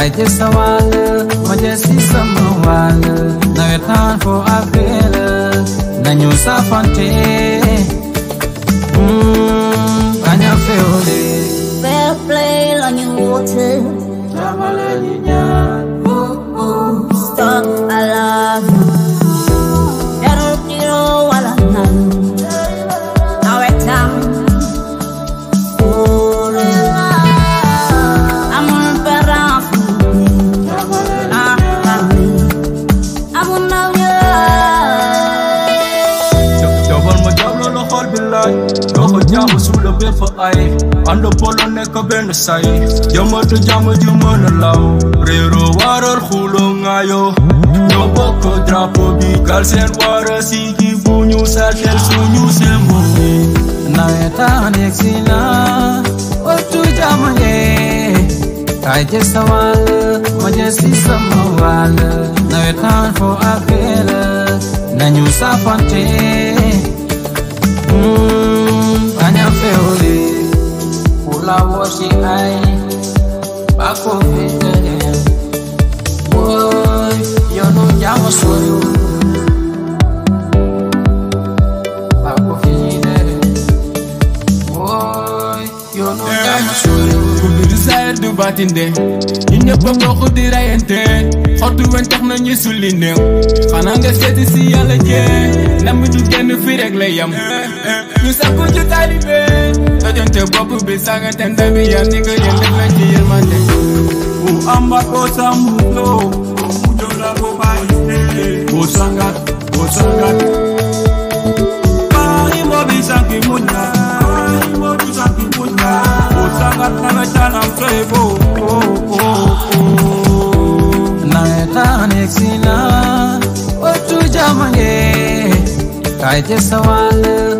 Kaje sawala, maje si samawala, na wetan fo afela, na nyusa fantela. Hallelujah. dogo jamu sulo be fo ay ando polo nekk benn say yamatu jamu ju mën a law réero waral xulo ngaayo ñoo bokk drapeau bi gal seen wara sigi bu ñu sàttel suñu sembo bi nawetaan yegg si na wattu jamu ngee kaay jël sa wàll ma jël si sama wàll nawetaan fo ak nañu sapante la washi ai bakofete woy yonu jamo soyu bakofete woy yonu jamo soyu kubiru saya du batinde ñun ñëpp a bokk di rayante xottu na ñu sulli néew xanaa nga seeti si yàlla jee yam ñu sakku ci talibé Ejente boku bisaga tende biya nigga yende meji yelmande U amba kosa mulo Ujola boba ite Bosangat, bosangat Pari mo bisanki munda Pari mo bisanki munda Bosangat na metana mfebo Oh, oh, oh Naeta nexina Otu jamange Kaite sawale